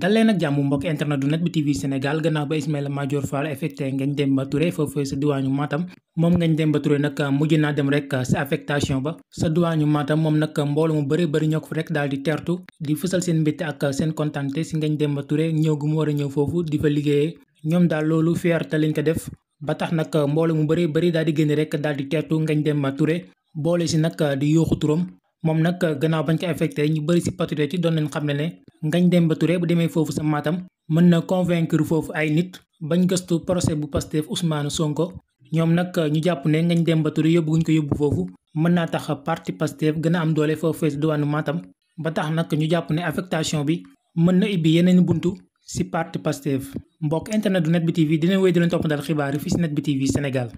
dal leen ak jàmm mbokk internet du net bi TV Sénégal gannaaw ba Ismaïla Madior Fall affecté Ngagne Demba Touré foofu sa diwaañu Matam moom Ngagne Demba Touré nag mujj naa dem rek sa affectation ba sa diwaañu Matam moom nag mbooloo mu bëri bari ñoo ko fi rek daal di tertu di fësal seen mbégte ak seen kontaante si dem ba ture ñëw gu mu war a ñëw foofu di fa liggéeyee ñoom daal loolu fierté lañ ko def ba tax nag mbooloo mu bëri bëri daal di génn rek daal di ngañ dem Demba Touré boole si nag di yooxu turam moom nag gannaaw bañ ko affecté ñu bëri si patriote yi doon nañ xam ne ne Ngagne Demba bu demee foofu sa maatam mën na convaincre foofu ay nit bañ gëstu procès bu Pastef Ousmane Sonko ñoom nag ñu jàpp ne Ngagne dem Touré yóbbu guñ ko yóbbu foofu mën naa tax parti Pastef gën a am doole foofee si diwaanu Matam ba tax nag ñu jàpp ne affectation bi mën na ibbi yeneen buntu si parti Pastef mbokk internet du Net Bi TV dina wéy di leen toppandal xibaar fii si Net Bi TV Sénégal